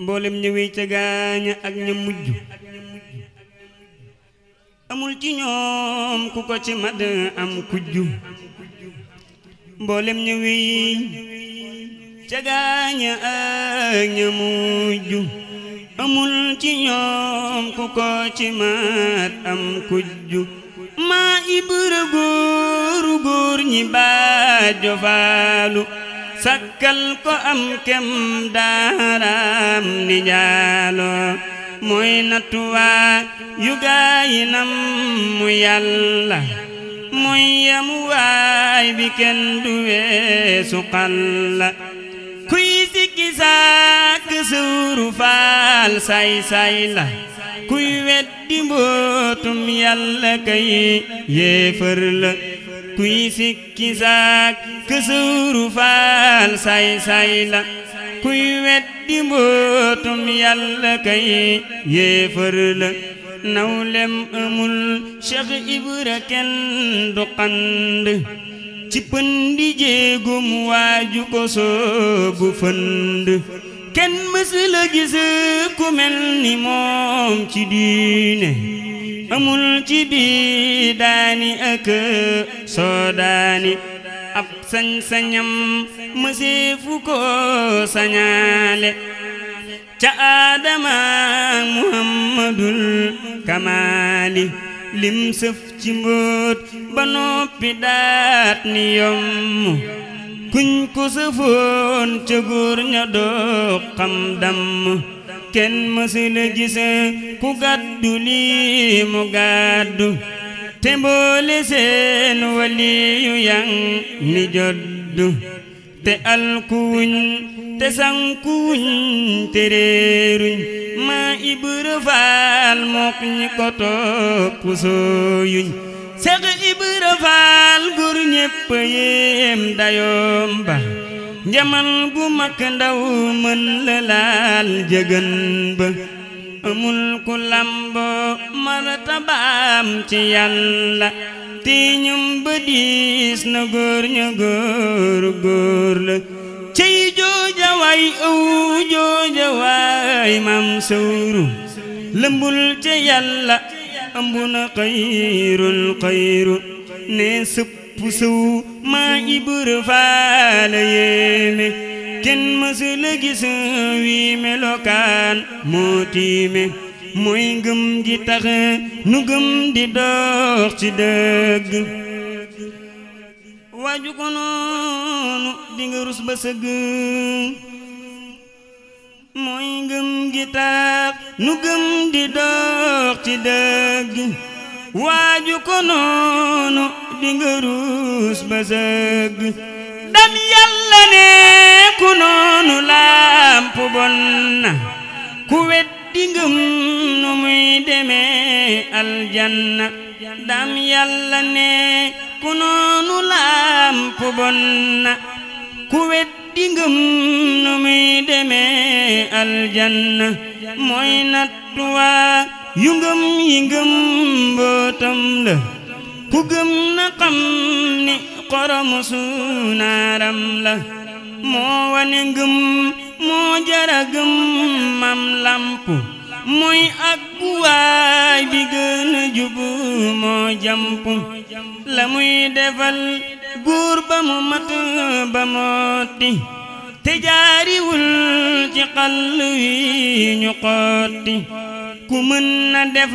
mboolem ñëwee ca ci ñoom ku ko ci ca gaaña ak ña mujj amul ci ñoom ku ko ci mad am kujju maa ibra góoru góor ñi baajo faalu sakkal ko am kem daaraam ni jaaloo muy natuwaa yu gaayi nam mu yàlla muy yam waay bi kenn du weesu xalla kuy sikki saak suuru faal say say la kuy weddi mbootum yàlla kay yéefar kuy sikki saak kësuuru faal say say la kuy weddi mbootum yàlla kay yéefar la nawlem amul Cheikh Ibra kenn du xand ci pëndi jéegum waaju ko soobu fënd kenn mësula gis ku mel ni moom ci diine amul ci biidaani ak soodaani ab sañ-sañam mëseefu ko sañaale ca aadama muhammadul kamaali lim sëf ci mbóot ba daat ni yomm kuñ ko sëfoon ca góor ña doo xam damm kenn mësula gis ku gàddu lii mu gàddu te mboole seen waliyu yang ni joddu te alkuwuñ te sankuwuñ te réeruñ maa ibra faal mook ñi ko topp sooyuñ seex ibra faal gur ñépp yéem dayoom ba njamal bu mag ndaw mën la laal jëgën ba amul ku lamboo martabaam ci yàlla tiiñum ba diis na góor ña góor góor la cey joojawaay ëw joojawaay maam sawru lëmbul ca yàlla ëmb na xayrul xayru ne sëpp pusow maa ibra faala yéeme kenn mësula gis wi melokaan moo tiime mooy ngëm gi tax nu gëm di dox ci dëgg waaju ko noonu di nga rus ba sëgg mooy ngëm gi tax nu gëm di dox ci dëgg waaju ko noonu di nga ne ku noonu làmp bon na ku weddi ngëm nu muy demee aljanna ndam yàlla ne ku noonu làmp bon na ku weddi ngëm nu muy demee aljanna mooy nattuwaa yu ngëm yi ngëm mbootam la ku gëm na xam ni xoromu suunaaram la moo wane ngëm moo jara gëm mam lamp mooy ak waay bi gën a jubu moo jamp la muy defal buur ba mu mat ba mooti te jaariwul ci xall wi ñu xotti ku mën na def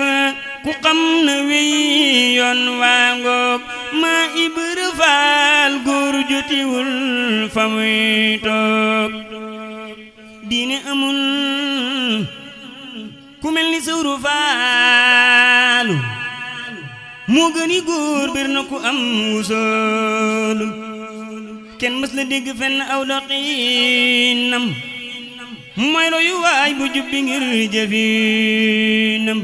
ku xam na wey waa ngoog maa Ibra Faal góor jotiwul fa muy toog diine amul ku mel ni sëwru faalu moo gëni góor na ku am wusoolu kenn mës la dégg fenn aw doxinam mooy royu waay bu jubbi ngir jëfinam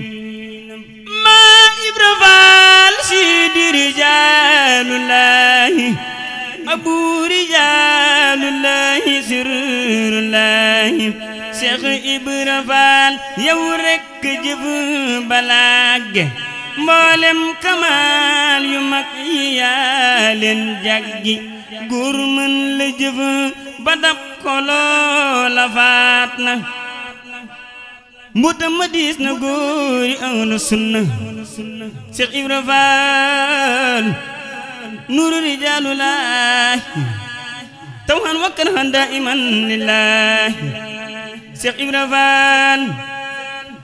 faal siidi rijaalullaahi abu rijaalullaahi sirurullaahi seex ibra faal yow rekk jëf balaage mboolem kamaal yu mag yi yaa leen jaggi la jëf ba dab ko loola na mbuutam ma diis na góori ahlu sunna Cheikh Ibra Faal nuuru rijaalu laahi tawhan wa karhan daa'iman lillaahi Cheikh Ibra Faal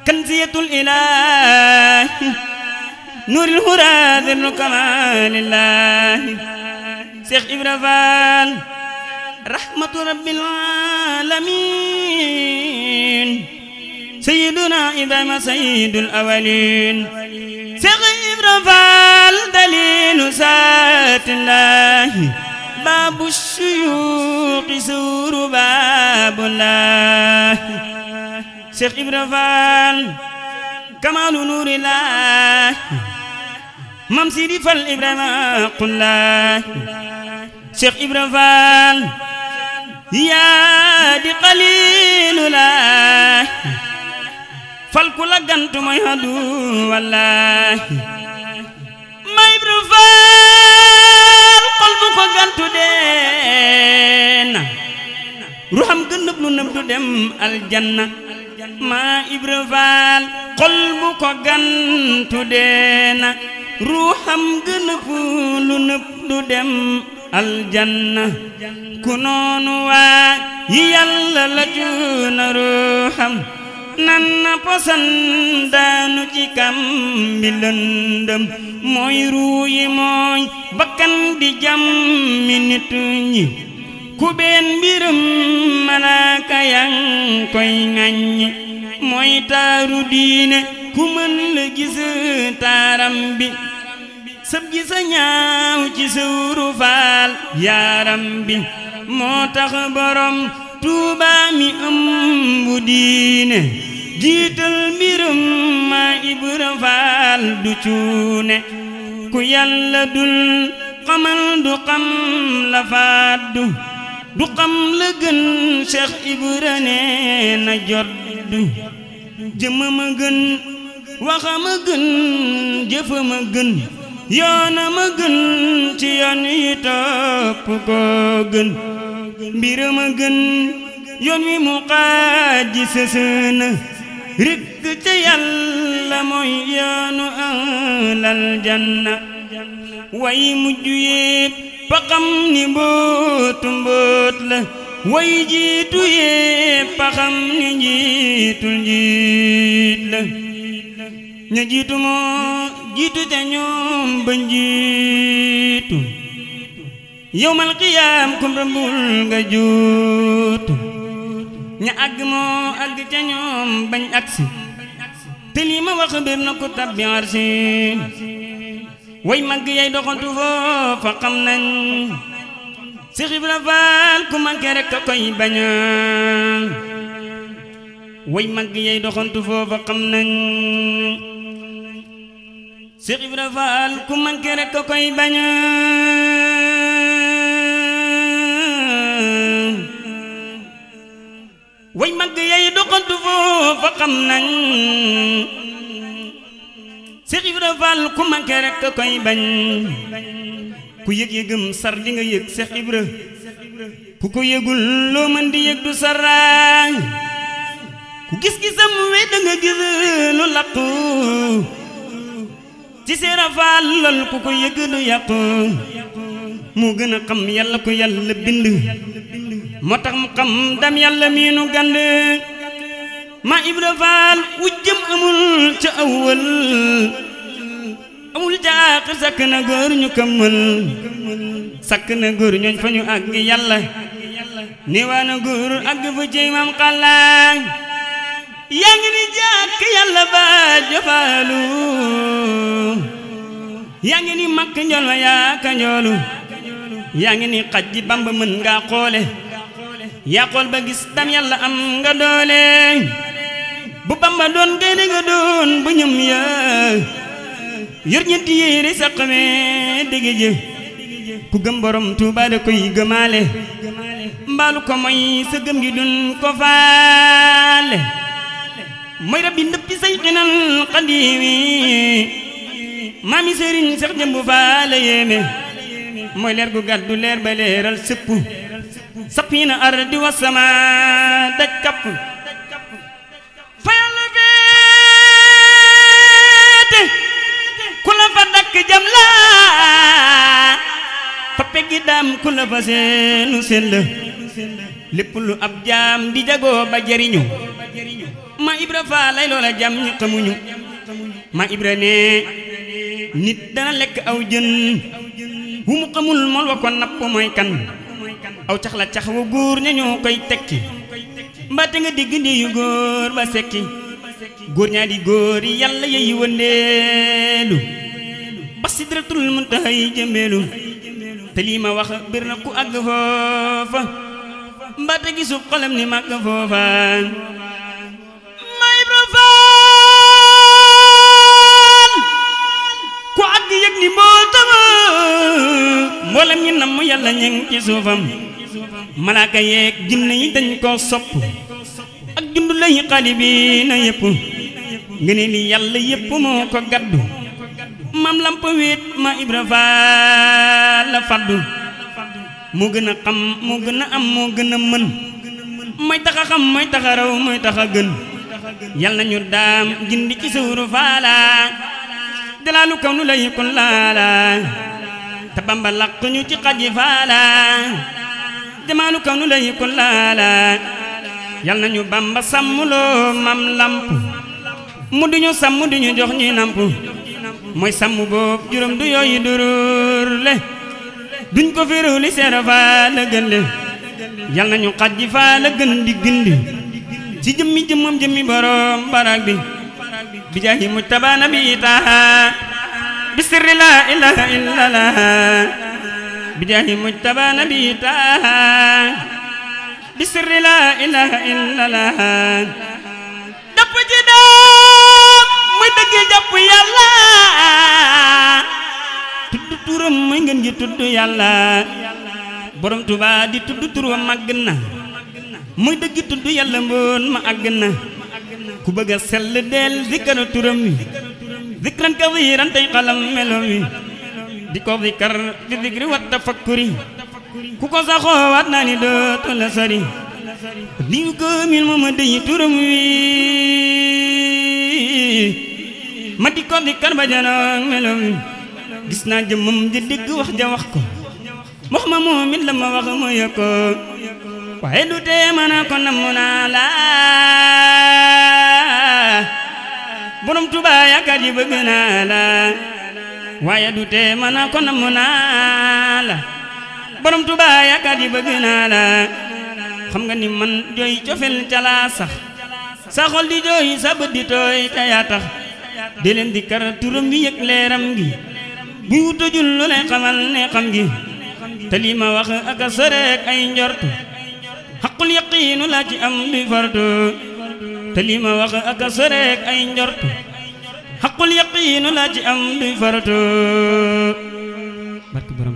kanziyatul ilaahi nuuril huraa zirru kamaalillaahi Cheikh Ibra Faal rahmatu rabbil aalamiin سيدنا إذا ما سيد الأولين سقيب رفال دليل سات الله باب الشيوخ سور باب الله سقيب رفال كمال نور الله ممسيدي فالإبراهيم قل الله شيخ إبراهيم يا دي قليل الله fal ku la gantu mooy hadu wallaahi may Ibra Faal xol ko gantu dee na ruuxam gën lu nëb dem aljanna maa Ibra Faal xol ko gantu dee na ruuxam gën lu nëb dem aljanna ku noonu waa yi yàlla la juuna ruuxam nan posan daanu ci kam bi lëndëm mooy ruu mooy bakkan di jàmmi nit ñi ku been mbirum malaaka yang koy ŋàññi mooy taaru diine ku mën la gis taaram bi sëb ci suuru faal yaaram moo tax borom tuubaa mi ëmb diine jiital mbiram ma ibra faal du cuune ku yàlla dul xamal du xam la fàddu du xam la gën Seex Ibra nee na joddu jëmam a gën waxam gën jëfam gën yoonam gën ci yoon yi topp koo gën mbiram a gën yoon wi mu xaaj ji sësëna rikk ca yàlla mooy yoonu alal janna way mujj yépp paxam ni mbootu mboot la way jiitu yépp paxam ni njiitul njiit la ña jiitu moo jiitu ca ñoom ba njiitu yowmal qiyaam kum rëmbul nga juutu ña àgg moo àgg ca bañ agsi te lii ma wax biir na ku tabbi arsi way màgg yay doxantu foofa xam nañ si xibra faal ku manke rek a koy baña way màgg yay doxantu foofa xam nañ si xibra faal ku manke rek a koy baña guddi yey doxantu foofa xam nañ Seex Ibra Faal ku manke rekk koy bañ ku yëg yëgam sar li nga Seex Ibra ku ko yëgul loo mën di yëg du saraay ku gis-gisam we da nga gis lu làqu ci Seera Faal lool ku ko yëg du yàqu moo gën a xam yàlla ko yàlla bind moo tax mu xam dam yàlla miinu gand ma ibra faal wujjëm amul ca awwal amul jaax sakk na góor ñu këmmal sakk na góor ñooñ fa ñu àgg yàlla néewaana góor àgg fa jëy maam xàllaay yaa ngi ni jàkk yàlla ba jofaalu yaa ngi ni makk njool ma yaa ka njoolu yaa ngi ni xaj ji bamba mën ngaa xoole yaa xool ba gis dam yàlla am nga doole bu bamba doon gaynde nga doon bu ñum ya yor ñetti yéere sa xame dégg ji ku gëm borom tuuba koy gëmaale mbaalu ko mooy sa gëm gi dun ko faale mooy rabbi ndëppi say xinal xadiimi maami sëriñ sax jëmbu faale yéeme mooy leer gu gàddu leer ba leeral sëpp سفين أرض وسماء دكب فيل بيت كل فدك جملا فبقي دام كل فسين سل lépp lu ab jaam di jagoo ba jariñu ma ibra faa lay loola jam ñu xamuñu ma ibra ne nit dana lekk aw jën wu mu xamul mool wa ko napp mooy aw cax la cax wu góor ña ñoo koy tekki mbaate nga digg ndi yu góor ba sekki góor ñaa di góor yi yàlla yeyi wëndeelu ba sidratul muntaha yi jëmbeelu te lii ma wax bir na ku àgg foofa mbaate gisu xolam ni màgg foofa yëg ni mbootama mboolem ñi namm yàlla ñeng ci suufam malaaka yeeg jinne yi dañ koo sopp ak jund lay xaalibiina yëpp nga ne ni yàlla yëpp moo ko gaddu maam lamp wéet ma ibra faal la faddu moo gën a xam moo gën a am moo gën a mën mooy taxa xam mooy taxa raw mooy taxa gën yàlla ñu daam jindi ci suuru faala dalaalu kaw nu lay kun laala te bamba laq ñu ci xaji faala jamaalu kaw nu lay kun laala yal nañu bamba sàmmloo mam lamp mu duñu sàmm duñu jox ñuy namp mooy sàmm boob juróom du yooyu durur le duñ ko féeru li seera faa la gën le yal nañu xaji faa la gën di gindi ci jëmmi jëmmam jëmmi borom barak bi بجاه مجتبى نبي طه بسر لا إله إلا الله بجاه مجتبى نبي طه بسر لا إله إلا الله دب جدام مدق جب يلا تد تورم مغن جي تد يلا borom Tuubaa di tudd turam màgg na muy dëgg tudd yàlla mboon ma àgg na ku bëgg a sell deel zikkar turam wi zikran kabiran tey xalam melo wi di ko zikkar di zikri wa tafakkuri ku ko sa waat naa ni dootu la sori niw kaamil mooma dey turam wi ma di ko dikkar ba janoog meloom gis naa jëmmam ji dégg wax ja wax ko wax ma moom la ma wax mu ko waaye du tee ko namm naa borom Tuubaa yaakaar yi bëgg naa la waaye du tee mën a ko namm naa la borom Tuubaa yaakaar yi bëgg naa la xam nga ni man jooy cofel ca laa sax sa di jooy sa bët di yaa tax di leen di kar turam bi leeram gi buy wutajul lu xamal ne xam gi te wax ak a ay njortu xaqul yaqiinu laa ci am bi fartu te li ma wax ak a soreek ay njort xaqul yaqiinu laa ci am duy faratu barki borom